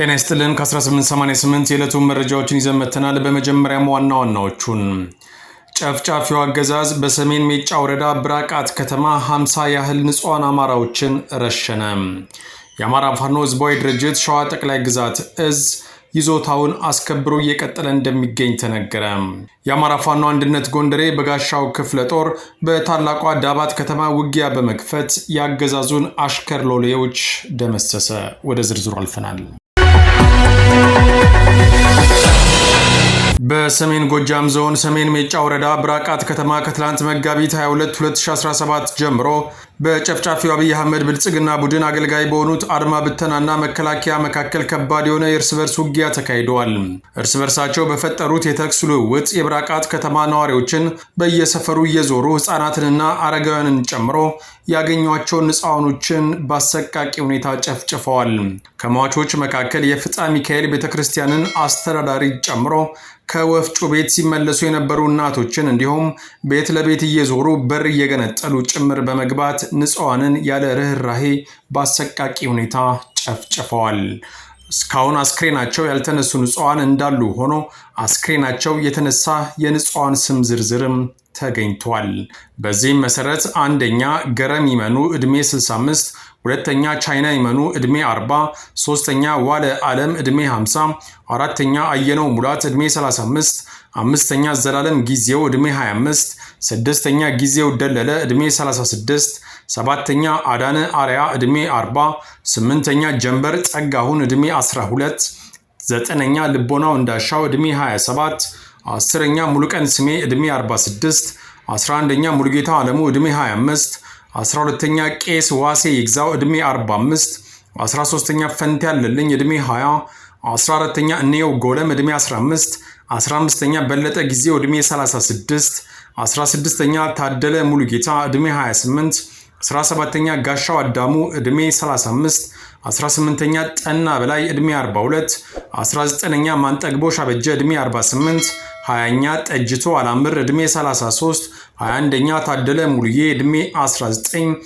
ጤና ይስጥልን። ከ1888 የዕለቱን መረጃዎችን ይዘን መጥተናል። በመጀመሪያም ዋና ዋናዎቹን ጨፍጫፊው አገዛዝ በሰሜን ሜጫ ወረዳ ብራቃት ከተማ 50 ያህል ንጹሐን አማራዎችን ረሸነ። የአማራ ፋኖ ህዝባዊ ድርጅት ሸዋ ጠቅላይ ግዛት እዝ ይዞታውን አስከብሮ እየቀጠለ እንደሚገኝ ተነገረ። የአማራ ፋኖ አንድነት ጎንደሬ በጋሻው ክፍለ ጦር በታላቋ ዳባት ከተማ ውጊያ በመክፈት የአገዛዙን አሽከር ሎሌዎች ደመሰሰ። ወደ ዝርዝሩ አልፈናል። በሰሜን ጎጃም ዞን ሰሜን ሜጫ ወረዳ ብራቃት ከተማ ከትላንት መጋቢት 22 2017 ጀምሮ በጨፍጫፊው አብይ አህመድ ብልጽግና ቡድን አገልጋይ በሆኑት አድማ ብተናና መከላከያ መካከል ከባድ የሆነ የእርስ በርስ ውጊያ ተካሂደዋል። እርስ በርሳቸው በፈጠሩት የተኩስ ልውውጥ የብራቃት ከተማ ነዋሪዎችን በየሰፈሩ እየዞሩ ሕፃናትንና አረጋውያንን ጨምሮ ያገኟቸውን ንጻውኖችን በአሰቃቂ ሁኔታ ጨፍጭፈዋል። ከሟቾች መካከል የፍጻ ሚካኤል ቤተ ክርስቲያንን አስተዳዳሪ ጨምሮ ከወፍጮ ቤት ሲመለሱ የነበሩ እናቶችን እንዲሁም ቤት ለቤት እየዞሩ በር እየገነጠሉ ጭምር በመግባት ንጹሐንን ያለ ርኅራሄ በአሰቃቂ ሁኔታ ጨፍጭፈዋል። እስካሁን አስክሬናቸው ያልተነሱ ንጹሐን እንዳሉ ሆኖ አስክሬናቸው የተነሳ የንጹሐን ስም ዝርዝርም ተገኝቷል። በዚህም መሰረት አንደኛ ገረም ይመኑ ዕድሜ 65፣ ሁለተኛ ቻይና ይመኑ ዕድሜ 40፣ ሶስተኛ ዋለ ዓለም ዕድሜ 50፣ አራተኛ አየነው ሙላት ዕድሜ 35፣ አምስተኛ ዘላለም ጊዜው ዕድሜ 25፣ ስድስተኛ ጊዜው ደለለ ዕድሜ 36 ሰባተኛ አዳነ አርያ ዕድሜ 40፣ ስምንተኛ ጀንበር ጸጋሁን ዕድሜ 12፣ ዘጠነኛ ልቦናው እንዳሻው ዕድሜ 27፣ አስረኛ ሙሉቀን ስሜ ዕድሜ 46፣ 11ኛ ሙሉጌታ አለሙ ዕድሜ 25፣ 12ተኛ ቄስ ዋሴ ይግዛው ዕድሜ 45፣ 13ተኛ ፈንታ ያለልኝ ዕድሜ 20፣ 14ተኛ እንየው ጎለም ዕድሜ 15፣ 15ተኛ በለጠ ጊዜው ዕድሜ 36፣ 16ተኛ ታደለ ሙሉጌታ ዕድሜ 28 17ኛ ጋሻው አዳሙ ዕድሜ 35፣ 18ኛ ጠና በላይ ዕድሜ 42፣ 19ኛ ማንጠግቦሽ አበጀ ዕድሜ 48፣ 20ኛ ጠጅቶ አላምር ዕድሜ 33፣ 21ኛ ታደለ ሙሉዬ ዕድሜ 19፣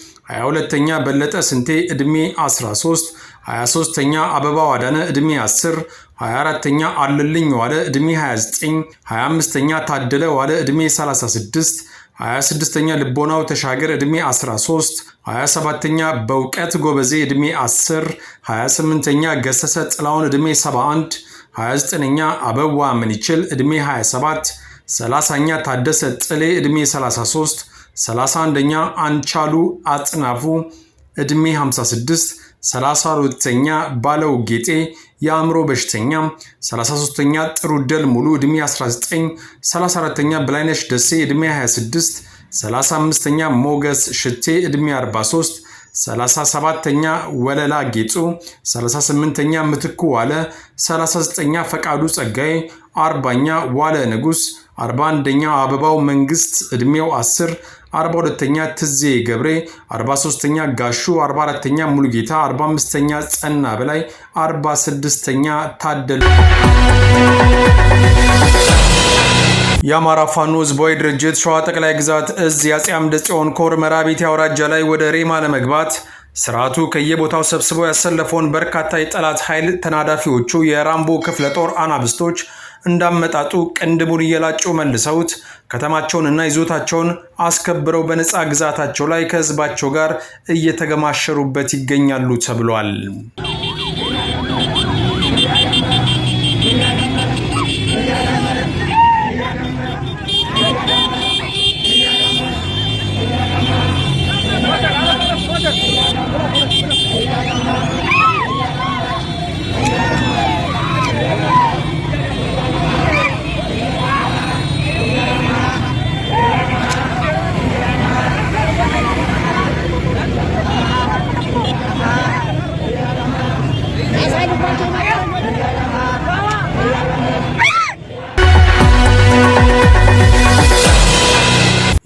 22ኛ በለጠ ስንቴ ዕድሜ 13፣ 23ኛ አበባ ዋዳነ ዕድሜ 10፣ 24ኛ አለልኝ ዋለ ዕድሜ 29 25ኛ ታደለ ዋለ ዕድሜ 36 26ኛ ልቦናው ተሻገር ዕድሜ 13 27ኛ በእውቀት ጎበዜ ዕድሜ 10 28ኛ ገሰሰ ጥላውን ዕድሜ 71 29ኛ አበዋ ምንችል ዕድሜ 27 30ኛ ታደሰ ጥሌ ዕድሜ 33 31ኛ አንቻሉ አጥናፉ ዕድሜ 56 32ኛ ባለው ጌጤ የአእምሮ በሽተኛ፣ 33ኛ ጥሩ ደል ሙሉ ዕድሜ 19፣ 34ኛ ብላይነሽ ደሴ ዕድሜ 26፣ 35ኛ ሞገስ ሽቴ ዕድሜ 43፣ 37ኛ ወለላ ጌጡ፣ 38ኛ ምትኩ ዋለ፣ 39ኛ ፈቃዱ ጸጋዬ፣ 40ኛ ዋለ 39 ኛ ፈቃዱ ጸጋይ 40 ኛ ዋለ ንጉስ 41 ኛ አበባው መንግስት ዕድሜው 10 42 ትዜ ገብሬ፣ 43ኛ ጋሹ፣ 44ኛ ሙሉጌታ፣ 45ኛ ጸና በላይ፣ 46ኛ ታደሉ። የአማራ ፋኖ ህዝባዊ ድርጅት ሸዋ ጠቅላይ ግዛት እዝ የአጼ አምደ ጽዮን ኮር መራቤቴ አውራጃ ላይ ወደ ሬማ ለመግባት ስርዓቱ ከየቦታው ሰብስበው ያሰለፈውን በርካታ የጠላት ኃይል ተናዳፊዎቹ የራምቦ ክፍለ ጦር አናብስቶች እንዳመጣጡ ቅንድቡን እየላጩ መልሰውት ከተማቸውን እና ይዞታቸውን አስከብረው በነፃ ግዛታቸው ላይ ከህዝባቸው ጋር እየተገማሸሩበት ይገኛሉ ተብሏል።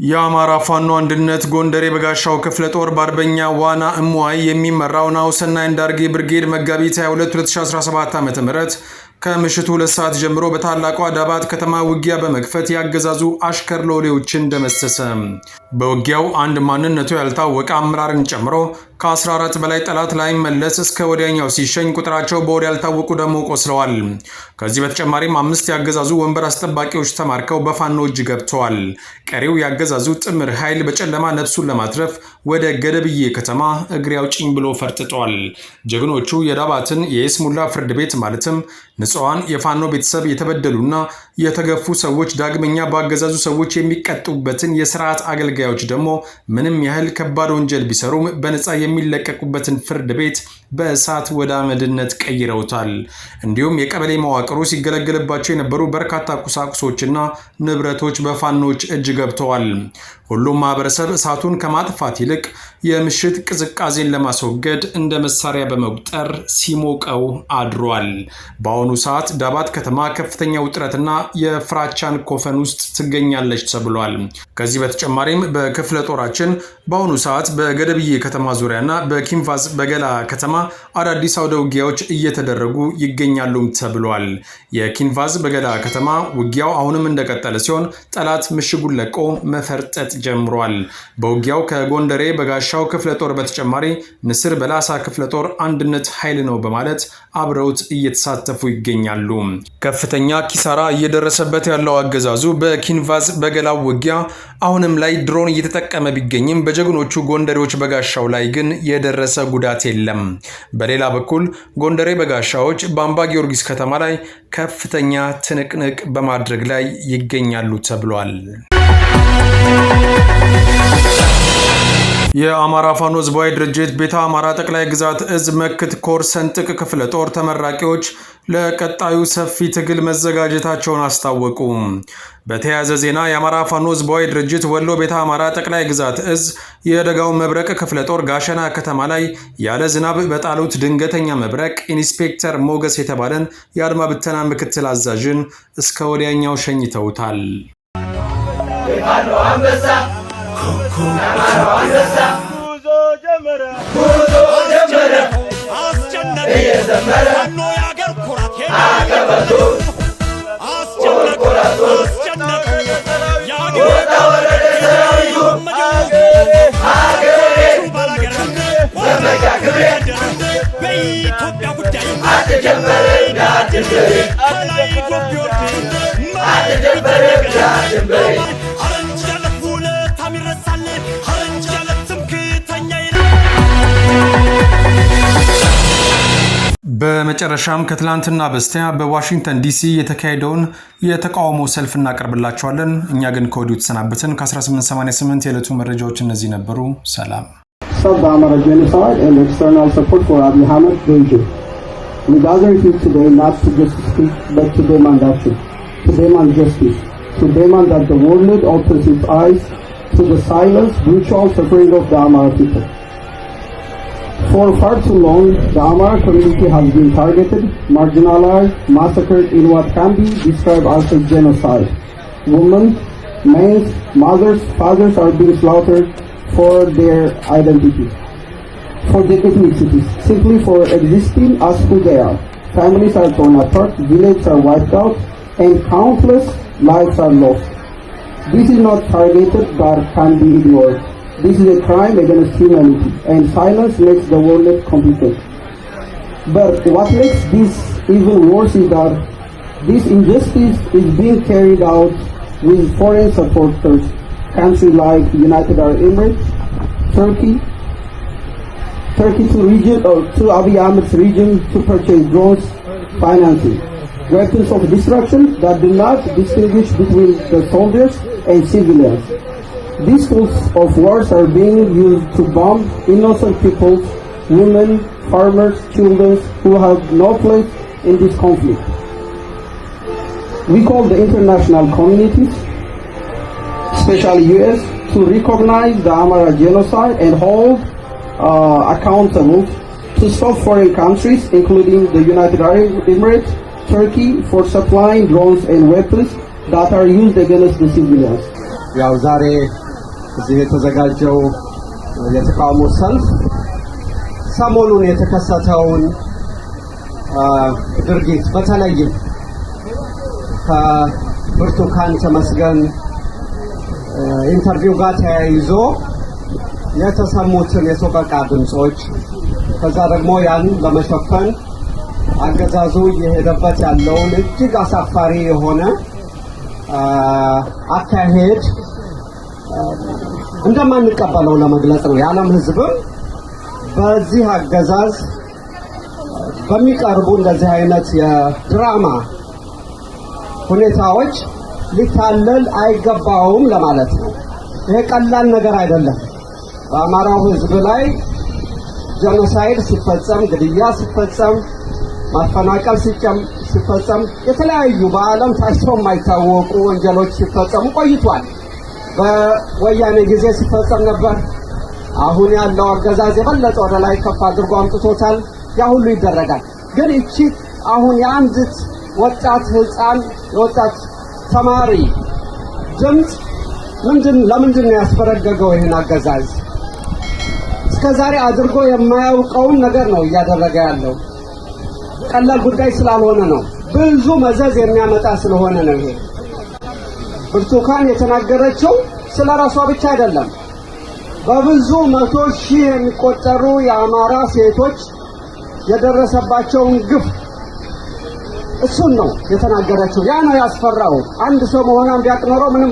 የአማራ ፋኖ አንድነት ጎንደር የበጋሻው ክፍለ ጦር በአርበኛ ዋና እሙዋይ የሚመራው ናሁሰናይ እንዳርጌ ብርጌድ መጋቢት 22 2017 ዓ ም ከምሽቱ ሁለት ሰዓት ጀምሮ በታላቋ ዳባት ከተማ ውጊያ በመክፈት ያገዛዙ አሽከር ሎሌዎችን ደመሰሰ። በውጊያው አንድ ማንነቱ ያልታወቀ አመራርን ጨምሮ ከ14 በላይ ጠላት ላይ መለስ እስከ ወዲያኛው ሲሸኝ ቁጥራቸው በወድ ያልታወቁ ደግሞ ቆስለዋል። ከዚህ በተጨማሪም አምስት ያገዛዙ ወንበር አስጠባቂዎች ተማርከው በፋኖ እጅ ገብተዋል። ቀሪው ያገዛዙ ጥምር ኃይል በጨለማ ነፍሱን ለማትረፍ ወደ ገደብዬ ከተማ እግሬ አውጭኝ ብሎ ፈርጥጧል። ጀግኖቹ የዳባትን የይስሙላ ፍርድ ቤት ማለትም ንጹሐን የፋኖ ቤተሰብ የተበደሉና የተገፉ ሰዎች ዳግመኛ ባገዛዙ ሰዎች የሚቀጡበትን የስርዓት አገልጋዮች ደግሞ ምንም ያህል ከባድ ወንጀል ቢሰሩም በነፃ የሚለቀቁበትን ፍርድ ቤት በእሳት ወደ አመድነት ቀይረውታል። እንዲሁም የቀበሌ መዋቅሩ ሲገለገልባቸው የነበሩ በርካታ ቁሳቁሶችና ንብረቶች በፋኖች እጅ ገብተዋል። ሁሉም ማህበረሰብ እሳቱን ከማጥፋት ይልቅ የምሽት ቅዝቃዜን ለማስወገድ እንደ መሳሪያ በመቁጠር ሲሞቀው አድሯል። በአሁኑ ሰዓት ዳባት ከተማ ከፍተኛ ውጥረትና የፍራቻን ኮፈን ውስጥ ትገኛለች ተብሏል። ከዚህ በተጨማሪም በክፍለ ጦራችን በአሁኑ ሰዓት በገደብዬ ከተማ ዙሪያና በኪንፋዝ በገላ ከተማ አዳዲስ አውደ ውጊያዎች እየተደረጉ ይገኛሉም ተብሏል። የኪንቫዝ በገላ ከተማ ውጊያው አሁንም እንደቀጠለ ሲሆን ጠላት ምሽጉን ለቆ መፈርጠት ጀምሯል። በውጊያው ከጎንደሬ በጋሻው ክፍለ ጦር በተጨማሪ ንስር በላሳ ክፍለ ጦር አንድነት ኃይል ነው በማለት አብረውት እየተሳተፉ ይገኛሉ። ከፍተኛ ኪሳራ እየደረሰበት ያለው አገዛዙ በኪንቫዝ በገላው ውጊያ አሁንም ላይ ድሮን እየተጠቀመ ቢገኝም በጀግኖቹ ጎንደሬዎች በጋሻው ላይ ግን የደረሰ ጉዳት የለም። በሌላ በኩል ጎንደሬ በጋሻዎች በአምባ ጊዮርጊስ ከተማ ላይ ከፍተኛ ትንቅንቅ በማድረግ ላይ ይገኛሉ ተብሏል። የአማራ ፋኖ ህዝባዊ ድርጅት ቤተ አማራ ጠቅላይ ግዛት እዝ መክት ኮር ሰንጥቅ ክፍለ ጦር ተመራቂዎች ለቀጣዩ ሰፊ ትግል መዘጋጀታቸውን አስታወቁ። በተያያዘ ዜና የአማራ ፋኖ ህዝባዊ ድርጅት ወሎ ቤተ አማራ ጠቅላይ ግዛት እዝ የደጋው መብረቅ ክፍለ ጦር ጋሸና ከተማ ላይ ያለ ዝናብ በጣሉት ድንገተኛ መብረቅ ኢንስፔክተር ሞገስ የተባለን የአድማ ብተና ምክትል አዛዥን እስከ ወዲያኛው ሸኝተውታል። Coco, Coco, Coco, በመጨረሻም ከትላንትና በስቲያ በዋሽንግተን ዲሲ የተካሄደውን የተቃውሞ ሰልፍ እናቀርብላቸዋለን እኛ ግን ከወዲሁ ተሰናበትን። ከ1888 የዕለቱ መረጃዎች እነዚህ ነበሩ። ሰላም። To demand that the world opens its eyes to the silence, of the people. For far too long, the Amar community has been targeted, marginalized, massacred in what can be described as a genocide. Women, men, mothers, fathers are being slaughtered for their identity, for their ethnicities, simply for existing as who they are. Families are torn apart, villages are wiped out, and countless lives are lost. This is not targeted but can be ignored. This is a crime against humanity, and silence makes the world less complicated. But what makes this even worse is that this injustice is being carried out with foreign supporters, countries like United Arab Emirates, Turkey, Turkey to region or to Abiy Ahmed's region to purchase drones, financing, weapons of destruction that do not distinguish between the soldiers and civilians. These tools of wars are being used to bomb innocent people, women, farmers, children who have no place in this conflict. We call the international communities, especially US, to recognize the Amara genocide and hold uh, accountable to stop foreign countries, including the United Arab Emirates, Turkey, for supplying drones and weapons that are used against the civilians. እዚህ የተዘጋጀው የተቃውሞ ሰልፍ ሰሞኑን የተከሰተውን ድርጊት በተለይም ከብርቱካን ተመስገን ኢንተርቪው ጋር ተያይዞ የተሰሙትን የሰቆቃ ድምፆች ከዛ ደግሞ ያን በመሸፈን አገዛዙ እየሄደበት ያለውን እጅግ አሳፋሪ የሆነ አካሄድ እንደማንቀበለው ለመግለጽ ነው። የዓለም ህዝብም በዚህ አገዛዝ በሚቀርቡ እንደዚህ አይነት የድራማ ሁኔታዎች ሊታለል አይገባውም ለማለት ነው። ይሄ ቀላል ነገር አይደለም። በአማራው ህዝብ ላይ ጀኖሳይድ ሲፈጸም፣ ግድያ ሲፈጸም፣ ማፈናቀል ሲፈጸም፣ የተለያዩ በዓለም ታይተው የማይታወቁ ወንጀሎች ሲፈጸሙ ቆይቷል። በወያኔ ጊዜ ሲፈጸም ነበር። አሁን ያለው አገዛዝ የበለጠ ወደ ላይ ከፍ አድርጎ አምጥቶታል። ያ ሁሉ ይደረጋል። ግን እቺ አሁን የአንዲት ወጣት ህፃን የወጣት ተማሪ ድምፅ ምንድን ለምንድን ነው ያስበረገገው? ይህን አገዛዝ እስከዛሬ አድርጎ የማያውቀውን ነገር ነው እያደረገ ያለው። ቀላል ጉዳይ ስላልሆነ ነው፣ ብዙ መዘዝ የሚያመጣ ስለሆነ ነው ይሄ ብርቱካን የተናገረችው ስለ ራሷ ብቻ አይደለም። በብዙ መቶ ሺህ የሚቆጠሩ የአማራ ሴቶች የደረሰባቸውን ግፍ እሱን ነው የተናገረችው። ያ ነው ያስፈራው። አንድ ሰው መሆኗን ቢያውቅ ኖሮ ምንም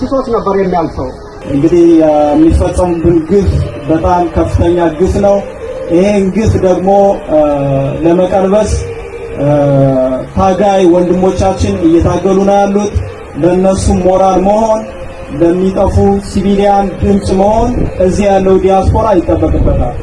ትቶት ነበር የሚያልፈው። እንግዲህ የሚፈጸሙብን ግፍ በጣም ከፍተኛ ግፍ ነው። ይሄን ግፍ ደግሞ ለመቀልበስ ታጋይ ወንድሞቻችን እየታገሉ ነው ያሉት። ለእነሱም ሞራል መሆን፣ ለሚጠፉ ሲቪሊያን ድምፅ መሆን እዚህ ያለው ዲያስፖራ ይጠበቅበታል።